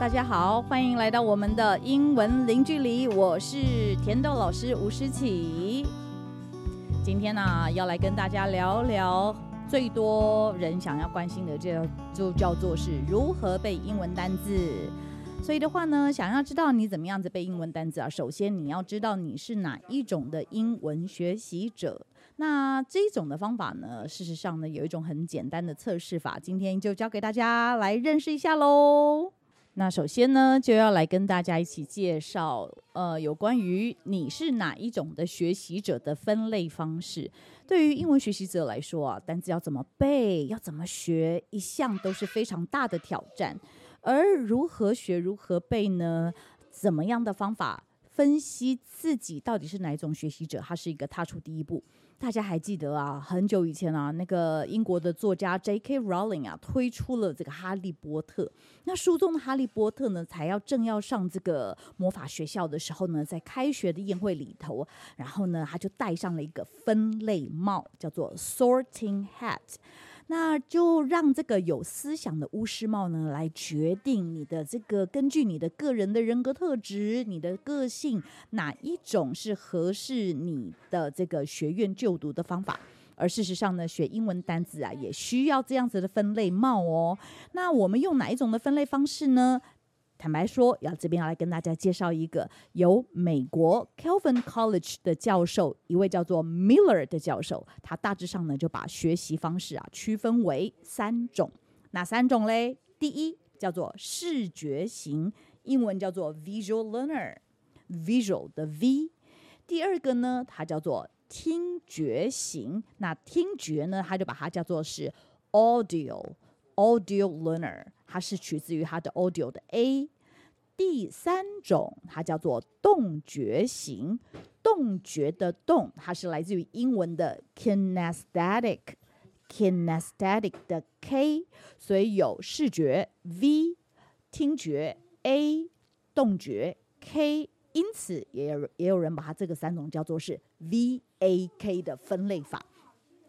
大家好，歡迎來到我們的英文零距離。我是甜豆老師吳詩綺。今天呢、啊，要來跟大家聊聊最多人想要關心的這，這就叫做是如何背英文單字。所以的話呢，想要知道你怎麼樣子背英文單字啊，首先你要知道你是哪一種的英文學習者。那這種的方法呢，事實上呢，有一種很簡單的測試法，今天就教給大家來認識一下嘍。那首先呢，就要來跟大家一起介紹，呃，有關於你是哪一種的學習者的分類方式。對於英文學習者來說啊，單字要怎麼背，要怎麼學，一向都是非常大的挑戰。而如何學，如何背呢？怎麼樣的方法分析自己到底是哪一種學習者，它是一個踏出第一步。大家還記得啊，很久以前啊，那個英國的作家 J.K. Rowling 啊，推出了這個《哈利波特》。那書中的哈利波特呢，才要正要上這個魔法學校的時候呢，在開學的宴會裡頭，然後呢，他就戴上了一個分類帽，叫做 Sorting Hat。那就讓這個有思想的巫師帽呢，來決定你的這個根據你的個人的人格特質、你的個性，哪一種是合適你的這個學院就讀的方法。而事實上呢，學英文單字啊，也需要這樣子的分類帽哦。那我們用哪一種的分類方式呢？坦白說，要這邊要來跟大家介紹一個由美國 Kelvin College 的教授，一位叫做 Miller 的教授，他大致上呢就把學習方式啊區分為三種，哪三種嘞？第一叫做視覺型，英文叫做 Visual Learner，Visual 的 V；第二個呢，它叫做聽覺型，那聽覺呢，它就把它叫做是 Audio。Audio learner，它是取自於它的 audio 的 a。第三種，它叫做動覺型，動覺的動，它是來自於英文的 kinesthetic，kinesthetic kinesthetic 的 k。所以有視覺 v，聽覺 a，動覺 k。因此也有也有人把它這個三種叫做是 v a k 的分類法。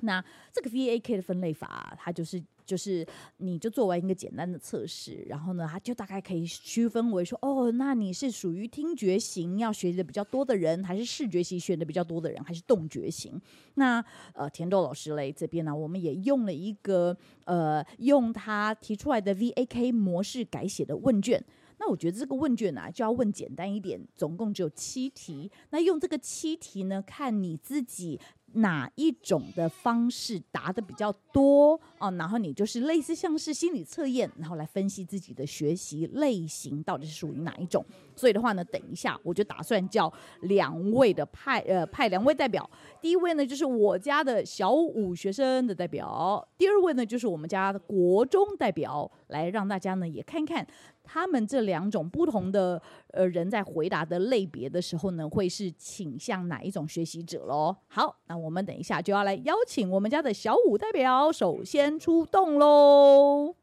那這個 v a k 的分類法啊，它就是。就是你就做完一個簡單的測試，然後呢，他就大概可以區分為說，哦，那你是屬於聽覺型，要學的比較多的人，還是視覺型學的比較多的人，還是動覺型？那呃，甜豆老師嘞，這邊呢，我們也用了一個呃，用他提出來的 VAK 模式改寫的問卷。那我覺得這個問卷啊，就要問簡單一點，總共只有七題。那用這個七題呢，看你自己哪一種的方式答的比較多。哦，然後你就是類似像是心理測驗，然後來分析自己的學習類型到底是屬於哪一種。所以的話呢，等一下我就打算叫兩位的派呃派兩位代表，第一位呢就是我家的小五學生的代表，第二位呢就是我們家的國中代表，來讓大家呢也看看他們這兩種不同的呃人在回答的類別的時候呢，會是傾向哪一種學習者嘍。好，那我們等一下就要來邀請我們家的小五代表，首先。出動嘍！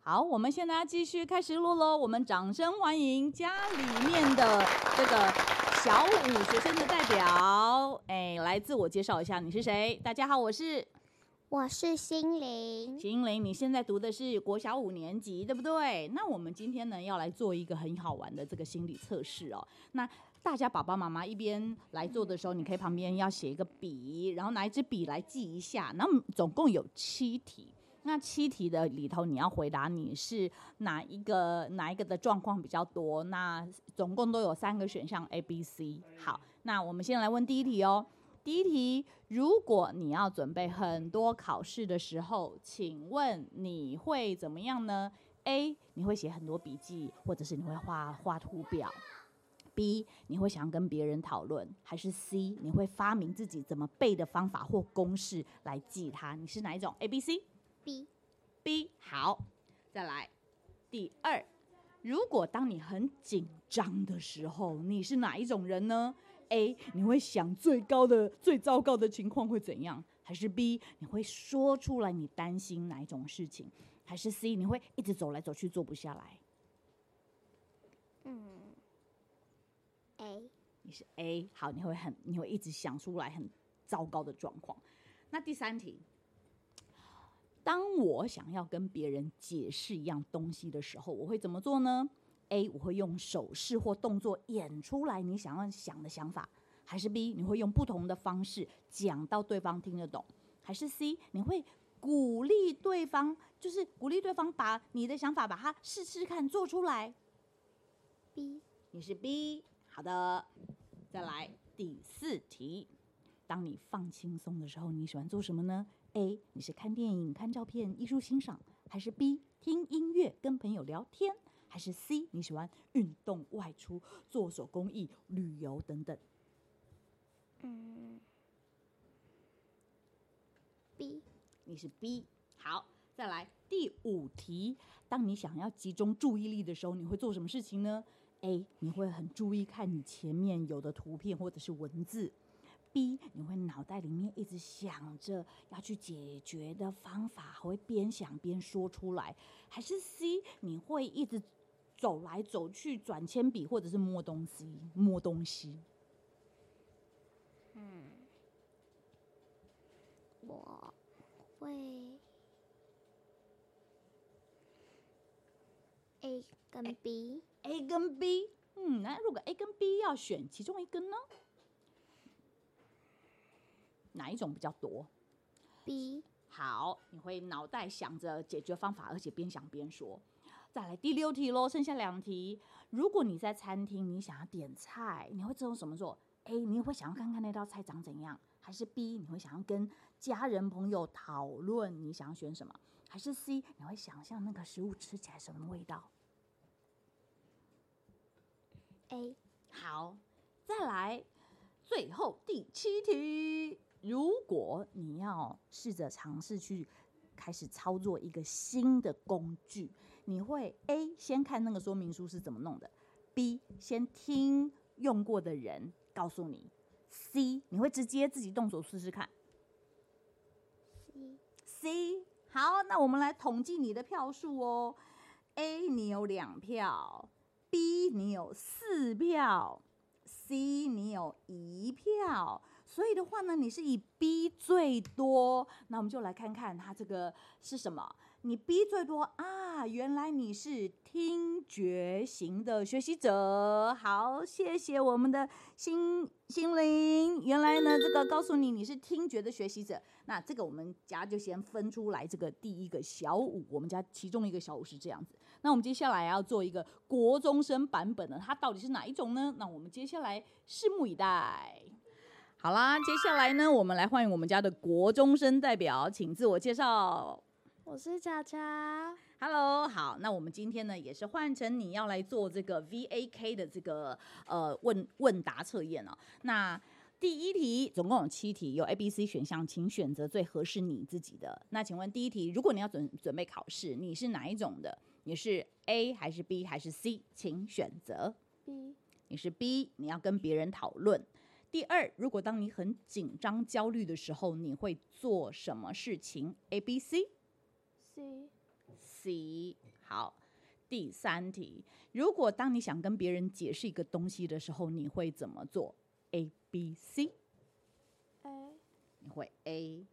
好，我們現在繼續開始錄嘍。我們掌聲歡迎家裡面的這個小五學生的代表，哎，來自我介紹一下你是誰？大家好，我是，我是心翎，心翎，你現在讀的是國小五年級，對不對？那我們今天呢要來做一個很好玩的這個心理測試哦。那大家爸爸媽媽一邊來做的時候，你可以旁邊要寫一個筆，然後拿一支筆來記一下。那總共有七題，那七題的裡頭你要回答你是哪一個哪一個的狀況比較多。那總共都有三個選項 A、B、C。好，那我們先來問第一題哦。第一題，如果你要準備很多考試的時候，請問你會怎麼樣呢？A，你會寫很多筆記，或者是你會畫畫圖表？B，你會想跟別人討論，還是 C，你會發明自己怎麼背的方法或公式來記它？你是哪一種？A、B、C？B、B、C？B，B 好，再來第二，如果當你很緊張的時候，你是哪一種人呢？A，你會想最高的、最糟糕的情況會怎樣，還是 B，你會說出來你擔心哪一種事情，還是 C，你會一直走來走去，坐不下來？嗯。你是 A，好，你會很，你會一直想出來很糟糕的狀況。那第三題，當我想要跟別人解釋一樣東西的時候，我會怎麼做呢？A，我會用手勢或動作演出來你想要想的想法，還是 B，你會用不同的方式講到對方聽得懂，還是 C，你會鼓勵對方，就是鼓勵對方把你的想法把它試試看做出來。B，你是 B。好的，再來第四題。當你放輕鬆的時候，你喜歡做什麼呢？A. 你是看電影、看照片、藝術欣賞，還是 B. 聽音樂、跟朋友聊天，還是 C. 你喜歡運動、外出、做手工藝、旅遊等等？嗯，B，你是 B。好，再來第五題。當你想要集中注意力的時候，你會做什麼事情呢？A，你會很注意看你前面有的圖片或者是文字；B，你會腦袋裡面一直想着要去解決的方法，還會邊想邊說出來；還是 C，你會一直走來走去，轉鉛筆或者是摸東西，摸東西。嗯，我會。A 跟 B，A 跟 B，嗯，那如果 A 跟 B 要選其中一個呢？哪一種比較多？B。好，你會腦袋想着解決方法，而且邊想邊說。再來第六題嘍，剩下兩題。如果你在餐廳，你想要點菜，你會做什麼做？A，你會想要看看那道菜長怎樣，還是 B，你會想要跟家人朋友討論你想要選什麼，還是 C，你會想象那個食物吃起來什麼味道？A. 好，再來，最後第七題。如果你要試着嘗試去開始操作一個新的工具，你會 A 先看那個說明書是怎麼弄的，B 先聽用過的人告訴你，C 你會直接自己動手試試看。C. C 好，那我們來統計你的票數哦。A 你有兩票。B，你有四票；C，你有一票。所以的話呢，你是以 B 最多。那我們就來看看他這個是什麼。你 B 最多啊，原來你是聽覺型的學習者。好，謝謝我們的心，心翎。原來呢，這個告訴你你是聽覺的學習者。那這個我們家就先分出來這個第一個小五，我們家其中一個小五是這樣子。那我們接下來要做一個國中生版本的，它到底是哪一種呢？那我們接下來拭目以待。好啦，接下來呢，我們來歡迎我們家的國中生代表，請自我介紹。我是喬喬，Hello。好，那我們今天呢，也是換成你要來做這個 VAK 的這個呃問問答測驗哦。那第一題總共有七題，有 A、B、C 選項，請選擇最合適你自己的。那請問第一題，如果你要準準備考試，你是哪一種的？你是 A 還是 B 還是 C？請選擇 B。你是 B，你要跟別人討論。第二，如果當你很緊張、焦慮的時候，你會做什麼事情？A、B、C？C、C。好。第三題，如果當你想跟別人解釋一個東西的時候，你會怎麼做？A、B、C？A。你會 A。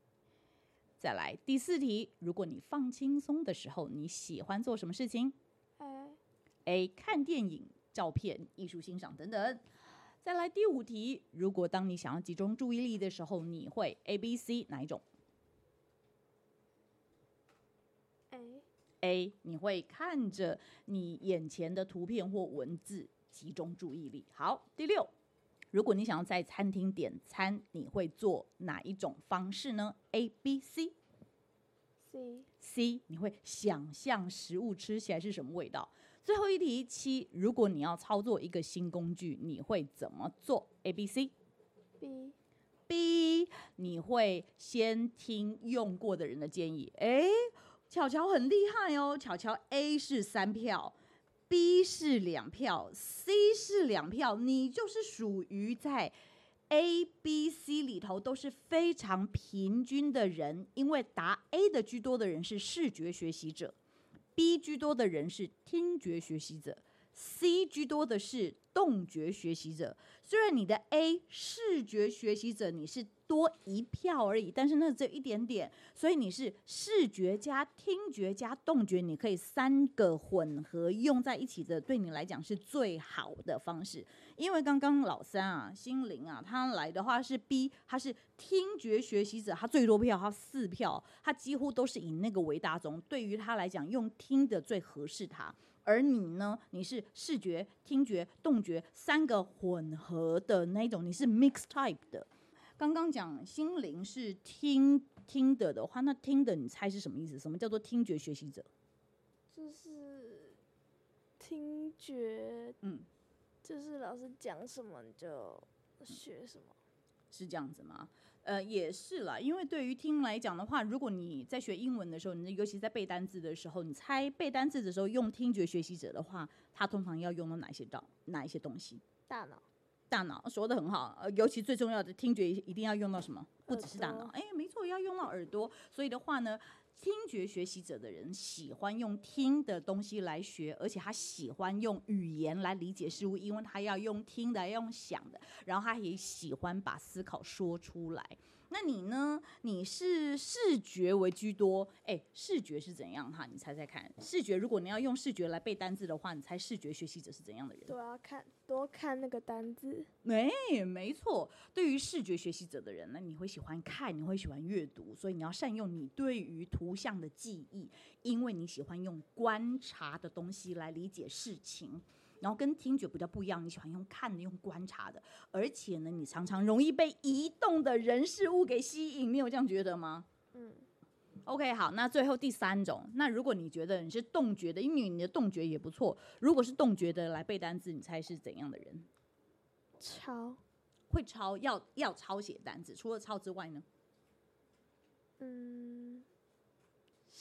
再來第四題，如果你放輕鬆的時候，你喜歡做什麼事情？A。，A 看電影、照片、藝術欣賞等等。再來第五題，如果當你想要集中注意力的時候，你會 A、B、C 哪一種？A。A，你會看着你眼前的圖片或文字集中注意力。好，第六。如果你想要在餐廳點餐，你會做哪一種方式呢？A、B、C、C、C？你會想象食物吃起來是什麼味道。最後一題七，如果你要操作一個新工具，你會怎麼做？A、B、C、B、B？你會先聽用過的人的建議。哎、欸，喬喬很厲害哦，喬喬 A 是三票。B 是兩票，C 是兩票，你就是屬於在 A、B、C 裡頭都是非常平均的人，因為答 A 的居多的人是視覺學習者，B 居多的人是聽覺學習者，C 居多的是動覺學習者。雖然你的 A 視覺學習者，你是，多一票而已，但是那只有一點點，所以你是視覺加聽覺加動覺，你可以三個混合用在一起的，對你來講是最好的方式。因為剛剛老三啊，心翎啊，他來的話是 B，他是聽覺學習者，他最多票他四票，他幾乎都是以那個為大宗。對於他來講，用聽的最合適他。而你呢，你是視覺、聽覺、動覺三個混合的那種，你是 mixed type 的。剛剛講心翎是聽聽的的話，那聽的你猜是什麼意思？什麼叫做聽覺學習者？就是聽覺，嗯，就是老師講什麼你就學什麼。嗯，是這樣子嗎？呃，也是啦。因為對於聽來講的話，如果你在學英文的時候，你尤其在背單字的時候，你猜背單字的時候用聽覺學習者的話，他通常要用到哪些腦哪一些東西？大腦。大腦說得很好，尤其最重要的聽覺一定要用到什麼？不只是大腦，哎，沒錯，要用到耳朵。所以的話呢，聽覺學習者的人喜歡用聽的東西來學，而且他喜歡用語言來理解事物，因為他要用聽的，要用想的，然後他也喜歡把思考說出來。那你呢？你是視覺為居多，哎，視覺是怎樣哈？你猜猜看，視覺如果你要用視覺來背單字的話，你猜視覺學習者是怎樣的人？多看，多看那個單字。沒，沒錯，對於視覺學習者的人呢，那你會喜歡看，你會喜歡閱讀，所以你要善用你對於圖像的記憶，因為你喜歡用觀察的東西來理解事情。然後跟聽覺比較不一樣，你喜歡用看的，用觀察的，而且呢，你常常容易被移動的人事物給吸引，你有這樣覺得嗎？嗯，OK，好，那最後第三種，那如果你覺得你是動覺的，因為你的動覺也不錯，如果是動覺的來背單字，你猜是怎樣的人？抄，會抄，要要抄寫單字。除了抄之外呢？嗯。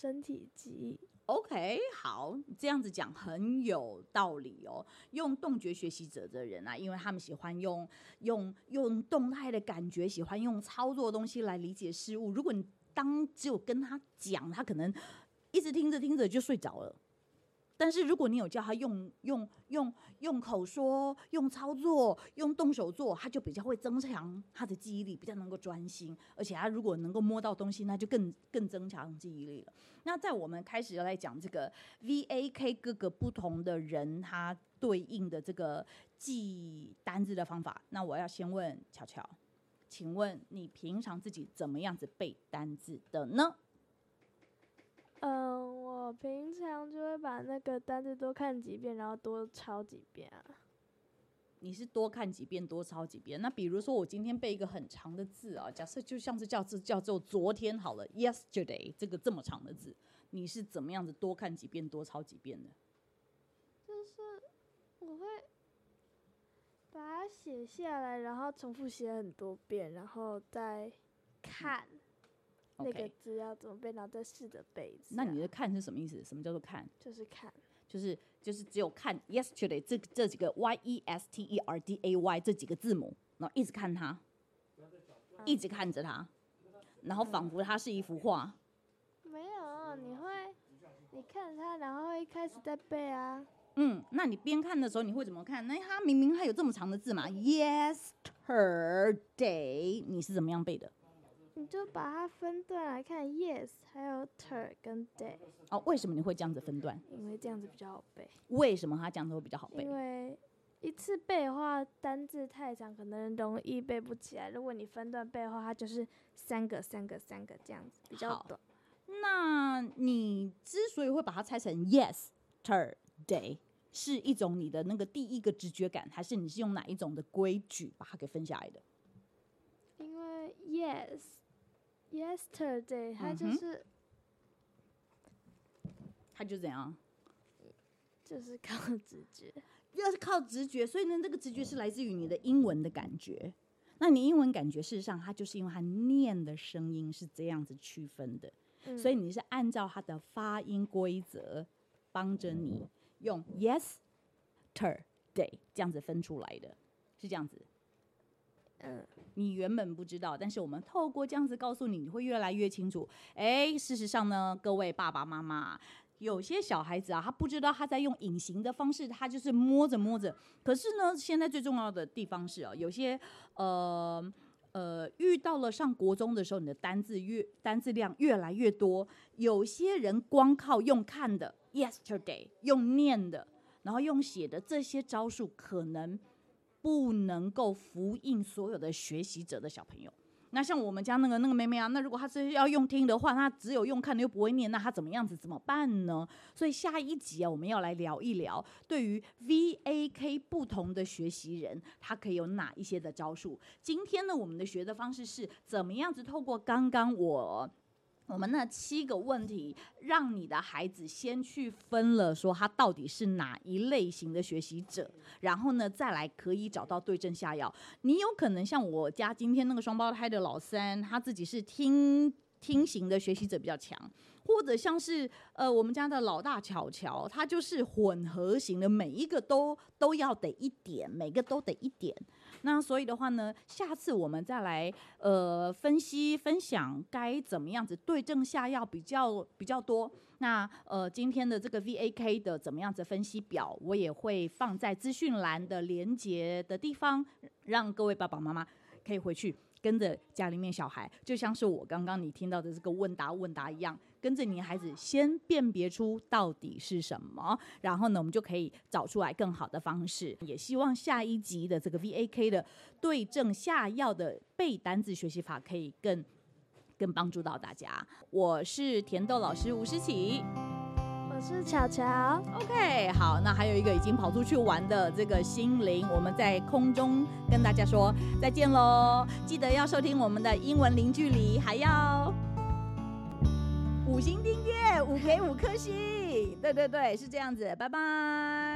身體肌，OK，好，你這樣子講很有道理哦。用動覺學習者的人啊，因為他們喜歡用用用動態的感覺，喜歡用操作的東西來理解事物。如果你當只有跟他講，他可能一直聽着聽着就睡着了。但是如果你有叫他用用用用口說、用操作、用動手做，他就比較會增強他的記憶力，比較能夠專心。而且他如果能夠摸到東西，那就更更增強記憶力了。那在我們開始要來講這個 VAK 各個不同的人他對應的這個記單字的方法，那我要先問喬喬，請問你平常自己怎麼樣子背單字的呢？嗯，我平常就會把那個單字多看幾遍，然後多抄幾遍啊。你是多看幾遍，多抄幾遍。那比如說，我今天背一個很長的字啊，假設就像是叫這叫做“昨天”好了，yesterday 這個這麼長的字，你是怎麼樣子多看幾遍，多抄幾遍的？就是我會把它寫下來，然後重複寫很多遍，然後再看。嗯那個字要怎麼背？然後再試着背。那你的看是什麼意思？什麼叫做看？就是看，就是就是只有看 yesterday 這這幾個 y e s t e r d a y 這幾個字母，然後一直看它、嗯，一直看着它，然後仿佛它是一幅畫、嗯。沒有，你會你看它，然後一開始在背啊。嗯，那你邊看的時候你會怎麼看？那它明明還有這麼長的字嘛？yesterday，你是怎麼樣背的？你就把它分段來看，yes，還有 ter 跟 day。哦，為什麼你會這樣子分段？因為這樣子比較好背。為什麼它這樣子會比較好背？因為一次背的話，單字太長，可能容易背不起來。如果你分段背的話，它就是三個、三個、三個、三個這樣子，比較短。好，那你之所以會把它拆成 yes，ter，day，是一種你的那個第一個直覺感，還是你是用哪一種的規矩把它給分下來的？因為 yes。Yesterday，他就是，他、嗯、就怎樣，就是靠直覺，要、就是靠直覺，所以呢，這個直覺是來自於你的英文的感覺。那你的英文感覺，事實上，它就是因為它念的聲音是這樣子區分的、嗯，所以你是按照它的發音規則幫着你用 yesterday 這樣子分出來的，是這樣子。嗯，你原本不知道，但是我們透過這樣子告訴你，你會越來越清楚。哎，事實上呢，各位爸爸媽媽，有些小孩子啊，他不知道他在用隱形的方式，他就是摸着摸着。可是呢，現在最重要的地方是哦，有些呃呃，遇到了上國中的時候，你的單字越單字量越來越多，有些人光靠用看的，yesterday，用念的，然後用寫的這些招數，可能。不能夠符應所有的學習者的小朋友。那像我們家那個那個妹妹啊，那如果他是要用聽的話，他只有用看的，又不會念，那他怎麼樣子怎麼辦呢？所以下一集啊，我們要來聊一聊對於 VAK 不同的學習人，他可以有哪一些的招數。今天呢，我們的學的方式是怎麼樣子？透過剛剛我。我們那七個問題，讓你的孩子先去分了，說他到底是哪一類型的學習者，然後呢，再來可以找到對症下藥。你有可能像我家今天那個雙胞胎的老三，他自己是聽聽型的學習者比較強。或者像是呃，我們家的老大喬喬，她就是混合型的，每一個都都要得一點，每個都得一點。那所以的話呢，下次我們再來呃分析、分享該怎麼樣子對症下藥比較比較多。那呃今天的這個 VAK 的怎麼樣子分析表，我也會放在資訊欄的連接的地方，讓各位爸爸媽媽可以回去。跟着家裡面小孩，就像是我剛剛你聽到的這個問答問答一樣，跟着你孩子先辨別出到底是什麼，然後呢，我們就可以找出來更好的方式。也希望下一集的這個 VAK 的對症下藥的背單字學習法可以更更幫助到大家。我是甜豆老師吳詩綺。我是喬喬，OK，好，那還有一個已經跑出去玩的這個心翎，我們在空中跟大家說再見嘍，記得要收聽我們的英文零距離，還要五星訂閱，五給五顆星，對對對，是這樣子，拜拜。